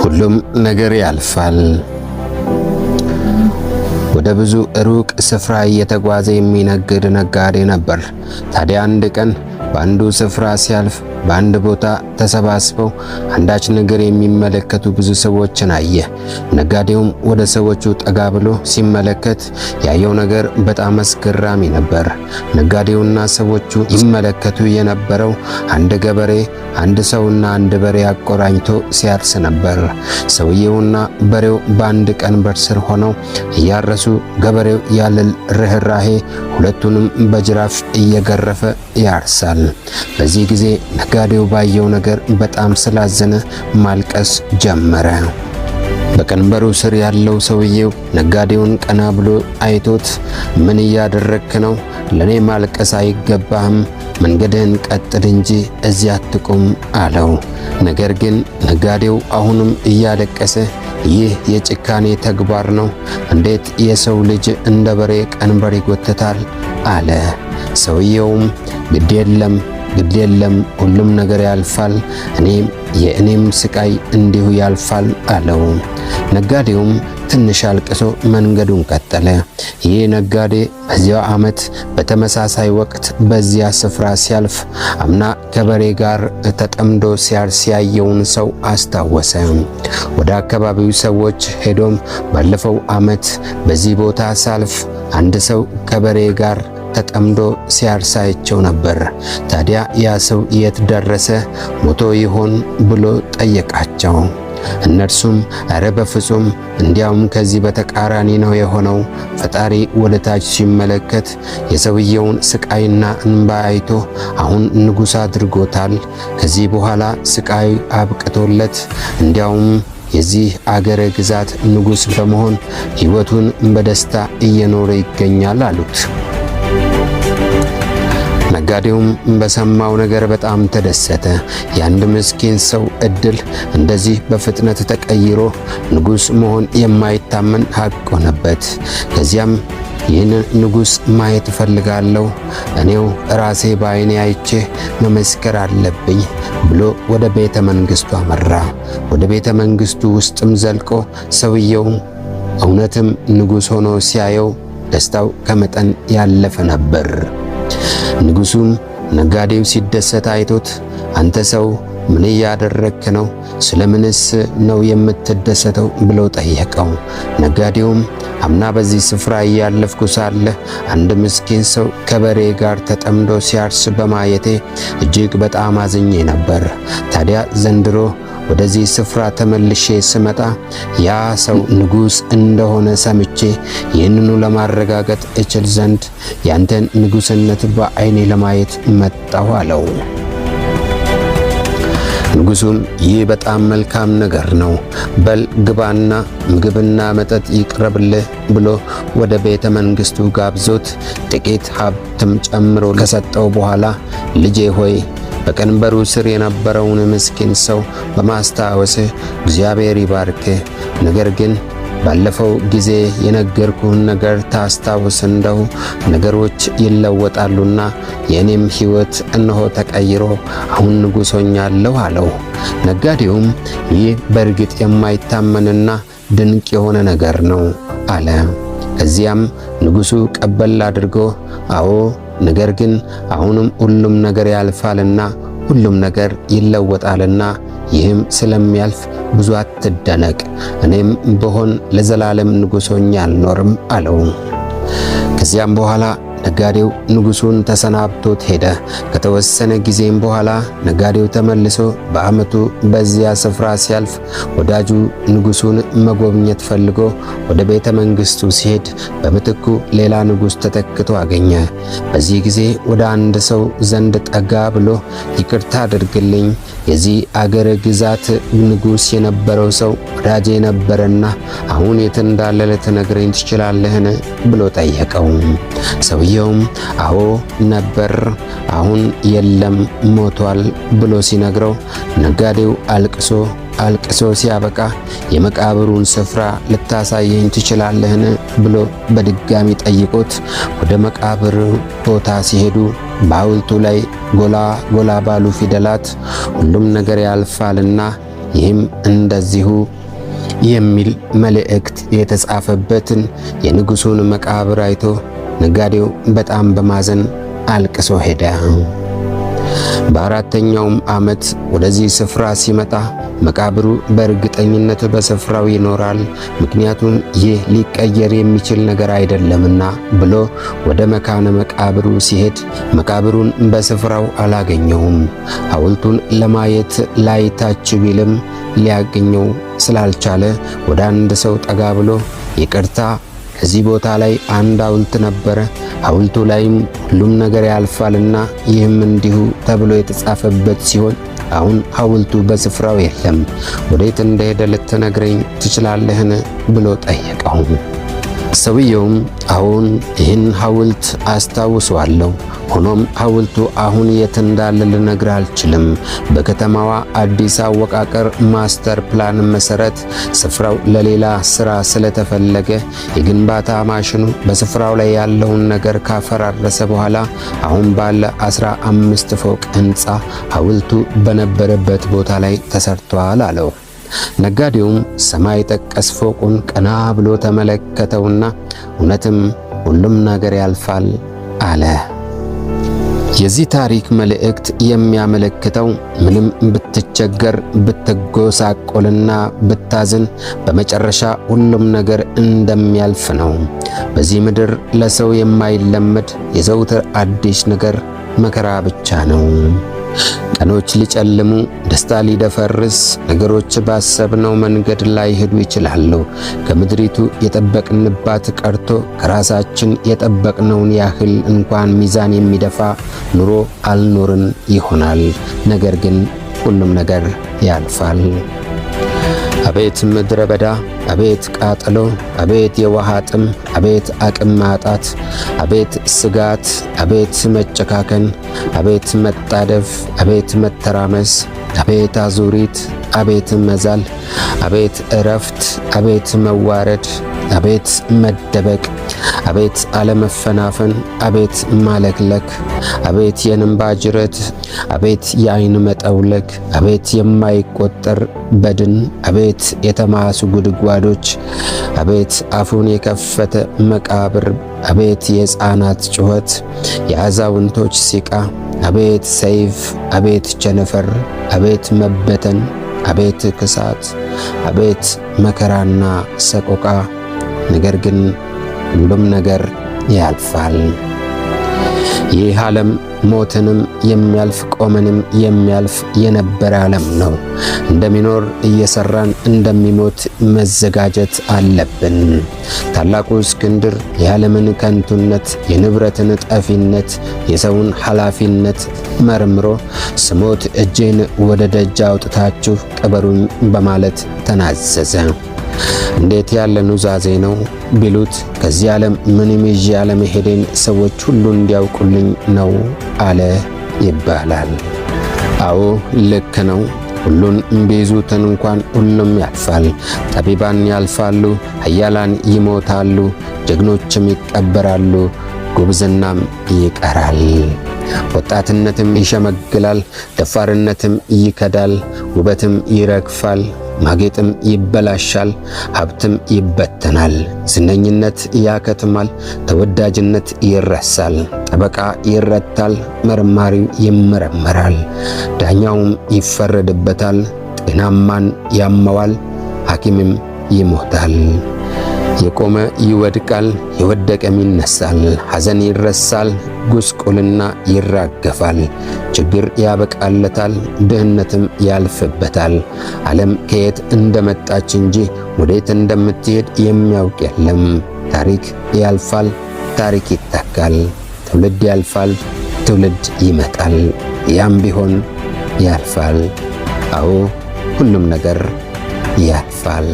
ሁሉም ነገር ያልፋል። ወደ ብዙ ሩቅ ስፍራ እየተጓዘ የሚነግድ ነጋዴ ነበር። ታዲያ አንድ ቀን በአንዱ ስፍራ ሲያልፍ በአንድ ቦታ ተሰባስበው አንዳች ነገር የሚመለከቱ ብዙ ሰዎችን አየ። ነጋዴውም ወደ ሰዎቹ ጠጋ ብሎ ሲመለከት ያየው ነገር በጣም አስገራሚ ነበር። ነጋዴውና ሰዎቹ ይመለከቱ የነበረው አንድ ገበሬ አንድ ሰውና አንድ በሬ አቆራኝቶ ሲያርስ ነበር። ሰውየውና በሬው በአንድ ቀንበር ስር ሆነው እያረሱ ገበሬው ያለ ርኅራሄ ሁለቱንም በጅራፍ እየገረፈ ያርሳል። በዚህ ጊዜ ነጋዴው ባየው ነገር በጣም ስላዘነ ማልቀስ ጀመረ። በቀንበሩ ስር ያለው ሰውዬው ነጋዴውን ቀና ብሎ አይቶት ምን እያደረክ ነው? ለእኔ ማልቀስ አይገባህም። መንገድህን ቀጥል እንጂ እዚያ አትቁም አለው። ነገር ግን ነጋዴው አሁንም እያለቀሰ ይህ የጭካኔ ተግባር ነው፣ እንዴት የሰው ልጅ እንደ በሬ ቀንበር ይጎተታል አለ። ሰውየውም ግድ የለም ግድ የለም ሁሉም ነገር ያልፋል፣ እኔም የእኔም ስቃይ እንዲሁ ያልፋል አለው። ነጋዴውም ትንሽ አልቅሶ መንገዱን ቀጠለ። ይህ ነጋዴ በዚያው ዓመት በተመሳሳይ ወቅት በዚያ ስፍራ ሲያልፍ አምና ከበሬ ጋር ተጠምዶ ሲያርስ ያየውን ሰው አስታወሰ። ወደ አካባቢው ሰዎች ሄዶም ባለፈው ዓመት በዚህ ቦታ ሳልፍ አንድ ሰው ከበሬ ጋር ተጠምዶ ሲያርሳይቸው ነበር። ታዲያ ያ ሰው የት ደረሰ ሞቶ ይሆን ብሎ ጠየቃቸው። እነርሱም እረ በፍጹም እንዲያውም ከዚህ በተቃራኒ ነው የሆነው። ፈጣሪ ወደ ታች ሲመለከት የሰውየውን ስቃይና እንባ አይቶ አሁን ንጉሥ አድርጎታል። ከዚህ በኋላ ስቃይ አብቅቶለት እንዲያውም የዚህ አገረ ግዛት ንጉሥ በመሆን ሕይወቱን በደስታ እየኖረ ይገኛል አሉት። ነጋዴውም በሰማው ነገር በጣም ተደሰተ። የአንድ ምስኪን ሰው እድል እንደዚህ በፍጥነት ተቀይሮ ንጉሥ መሆን የማይታመን ሀቅ ሆነበት። ከዚያም ይህንን ንጉሥ ማየት እፈልጋለሁ፣ እኔው ራሴ በአይኔ አይቼ መመስከር አለብኝ ብሎ ወደ ቤተ መንግሥቱ አመራ። ወደ ቤተ መንግሥቱ ውስጥም ዘልቆ ሰውየው እውነትም ንጉሥ ሆኖ ሲያየው ደስታው ከመጠን ያለፈ ነበር። ንጉሡም ነጋዴው ሲደሰት አይቶት አንተ ሰው ምን እያደረግክ ነው? ስለምንስ ነው የምትደሰተው? ብሎ ጠየቀው። ነጋዴውም አምና በዚህ ስፍራ እያለፍኩ ሳለ አንድ ምስኪን ሰው ከበሬ ጋር ተጠምዶ ሲያርስ በማየቴ እጅግ በጣም አዝኜ ነበር። ታዲያ ዘንድሮ ወደዚህ ስፍራ ተመልሼ ስመጣ ያ ሰው ንጉሥ እንደሆነ ሰምቼ ይህንኑ ለማረጋገጥ እችል ዘንድ ያንተን ንጉሥነት በዐይኔ ለማየት መጣሁ አለው። ንጉሡም ይህ በጣም መልካም ነገር ነው፣ በል ግባና ምግብና መጠጥ ይቅረብልህ ብሎ ወደ ቤተ መንግሥቱ ጋብዞት ጥቂት ሀብትም ጨምሮ ከሰጠው በኋላ ልጄ ሆይ በቀንበሩ ስር የነበረውን ምስኪን ሰው በማስታወስህ እግዚአብሔር ይባርክህ። ነገር ግን ባለፈው ጊዜ የነገርኩህን ነገር ታስታውስ እንደው ነገሮች ይለወጣሉና የእኔም ሕይወት እነሆ ተቀይሮ አሁን ንጉሶኛለሁ አለው። ነጋዴውም ይህ በእርግጥ የማይታመንና ድንቅ የሆነ ነገር ነው አለ። ከዚያም ንጉሡ ቀበል አድርጎ አዎ ነገር ግን አሁንም ሁሉም ነገር ያልፋልና ሁሉም ነገር ይለወጣልና ይህም ስለሚያልፍ ብዙ አትደነቅ፣ እኔም ብሆን ለዘላለም ንጉሶኛ አልኖርም አለው። ከዚያም በኋላ ነጋዴው ንጉሱን ተሰናብቶት ሄደ። ከተወሰነ ጊዜም በኋላ ነጋዴው ተመልሶ በዓመቱ በዚያ ስፍራ ሲያልፍ ወዳጁ ንጉሱን መጎብኘት ፈልጎ ወደ ቤተ መንግስቱ ሲሄድ በምትኩ ሌላ ንጉስ ተተክቶ አገኘ። በዚህ ጊዜ ወደ አንድ ሰው ዘንድ ጠጋ ብሎ ይቅርታ አድርግልኝ፣ የዚህ አገር ግዛት ንጉስ የነበረው ሰው ወዳጄ ነበረና አሁን የት እንዳለ ልትነግረኝ ትችላለህን? ብሎ ጠየቀው። ሰውዬ ሰውየውም አዎ ነበር፣ አሁን የለም ሞቷል ብሎ ሲነግረው ነጋዴው አልቅሶ አልቅሶ ሲያበቃ የመቃብሩን ስፍራ ልታሳየኝ ትችላለህን? ብሎ በድጋሚ ጠይቆት ወደ መቃብር ቦታ ሲሄዱ በሐውልቱ ላይ ጎላ ጎላ ባሉ ፊደላት ሁሉም ነገር ያልፋልና ይህም እንደዚሁ የሚል መልእክት የተጻፈበትን የንጉሱን መቃብር አይቶ ነጋዴው በጣም በማዘን አልቅሶ ሄደ። በአራተኛውም ዓመት ወደዚህ ስፍራ ሲመጣ መቃብሩ በእርግጠኝነት በስፍራው ይኖራል፣ ምክንያቱም ይህ ሊቀየር የሚችል ነገር አይደለምና ብሎ ወደ መካነ መቃብሩ ሲሄድ መቃብሩን በስፍራው አላገኘውም። ሐውልቱን ለማየት ላይ ታች ቢልም ሊያገኘው ስላልቻለ ወደ አንድ ሰው ጠጋ ብሎ ይቅርታ እዚህ ቦታ ላይ አንድ ሐውልት ነበረ። ሐውልቱ ላይም ሁሉም ነገር ያልፋልና ይህም እንዲሁ ተብሎ የተጻፈበት ሲሆን አሁን ሐውልቱ በስፍራው የለም። ወዴት እንደሄደ ልትነግረኝ ትችላለህን? ብሎ ጠየቀው። ሰውየውም አሁን ይህን ሐውልት አስታውሰዋለሁ። ሆኖም ሐውልቱ አሁን የት እንዳለ ልነግር አልችልም። በከተማዋ አዲስ አወቃቀር ማስተር ፕላን መሰረት ስፍራው ለሌላ ስራ ስለተፈለገ የግንባታ ማሽኑ በስፍራው ላይ ያለውን ነገር ካፈራረሰ በኋላ አሁን ባለ አስራ አምስት ፎቅ ህንፃ ሐውልቱ በነበረበት ቦታ ላይ ተሰርቷል አለው። ነጋዴውም ሰማይ ጠቀስ ፎቁን ቀና ብሎ ተመለከተውና እውነትም ሁሉም ነገር ያልፋል አለ። የዚህ ታሪክ መልእክት የሚያመለክተው ምንም ብትቸገር ብትጎሳቆልና ብታዝን በመጨረሻ ሁሉም ነገር እንደሚያልፍ ነው። በዚህ ምድር ለሰው የማይለመድ የዘውትር አዲስ ነገር መከራ ብቻ ነው። ቀኖች ሊጨልሙ፣ ደስታ ሊደፈርስ፣ ነገሮች ባሰብነው መንገድ ላይሄዱ ይችላሉ። ከምድሪቱ የጠበቅንባት ቀርቶ ከራሳችን የጠበቅነውን ያህል እንኳን ሚዛን የሚደፋ ኑሮ አልኖርን ይሆናል። ነገር ግን ሁሉም ነገር ያልፋል። አቤት ምድረ በዳ፣ አቤት ቃጠሎ፣ አቤት የውሃ ጥም፣ አቤት አቅም ማጣት፣ አቤት ስጋት፣ አቤት መጨካከን፣ አቤት መጣደፍ፣ አቤት መተራመስ፣ አቤት አዙሪት፣ አቤት መዛል፣ አቤት እረፍት፣ አቤት መዋረድ አቤት መደበቅ፣ አቤት አለመፈናፈን፣ አቤት ማለክለክ፣ አቤት የእንባ ጅረት፣ አቤት የአይን መጠውለግ፣ አቤት የማይቆጠር በድን፣ አቤት የተማሱ ጉድጓዶች፣ አቤት አፉን የከፈተ መቃብር፣ አቤት የሕፃናት ጩኸት፣ የአዛውንቶች ሲቃ፣ አቤት ሰይፍ፣ አቤት ቸነፈር፣ አቤት መበተን አቤት ክሳት፣ አቤት መከራና ሰቆቃ ነገር ግን ሁሉም ነገር ያልፋል። ይህ ዓለም ሞትንም የሚያልፍ ቆመንም የሚያልፍ የነበረ ዓለም ነው። እንደሚኖር እየሰራን እንደሚሞት መዘጋጀት አለብን። ታላቁ እስክንድር የዓለምን ከንቱነት፣ የንብረትን ጠፊነት፣ የሰውን ኃላፊነት መርምሮ ስሞት እጄን ወደ ደጅ አውጥታችሁ ቅበሩኝ በማለት ተናዘዘ። እንዴት ያለ ኑዛዜ ነው ቢሉት ከዚህ ዓለም ምንም ይዤ አለመሄዴን ሰዎች ሁሉ እንዲያውቁልኝ ነው አለ ይባላል። አዎ ልክ ነው። ሁሉን ቢይዙትን እንኳን ሁሉም ያልፋል። ጠቢባን ያልፋሉ፣ ኃያላን ይሞታሉ፣ ጀግኖችም ይቀበራሉ፣ ጉብዝናም ይቀራል። ወጣትነትም ይሸመግላል፣ ደፋርነትም ይከዳል፣ ውበትም ይረግፋል፣ ማጌጥም ይበላሻል፣ ሀብትም ይበተናል፣ ዝነኝነት ያከትማል፣ ተወዳጅነት ይረሳል፣ ጠበቃ ይረታል፣ መርማሪው ይመረመራል፣ ዳኛውም ይፈረድበታል፣ ጤናማን ያመዋል፣ ሐኪምም ይሞታል። የቆመ ይወድቃል፣ የወደቀም ይነሳል። ሐዘን ይረሳል፣ ጉስቁልና ይራገፋል፣ ችግር ያበቃለታል፣ ድህነትም ያልፍበታል። ዓለም ከየት እንደመጣች እንጂ ወዴት እንደምትሄድ የሚያውቅ የለም። ታሪክ ያልፋል፣ ታሪክ ይታካል። ትውልድ ያልፋል፣ ትውልድ ይመጣል። ያም ቢሆን ያልፋል። አዎ ሁሉም ነገር ያልፋል።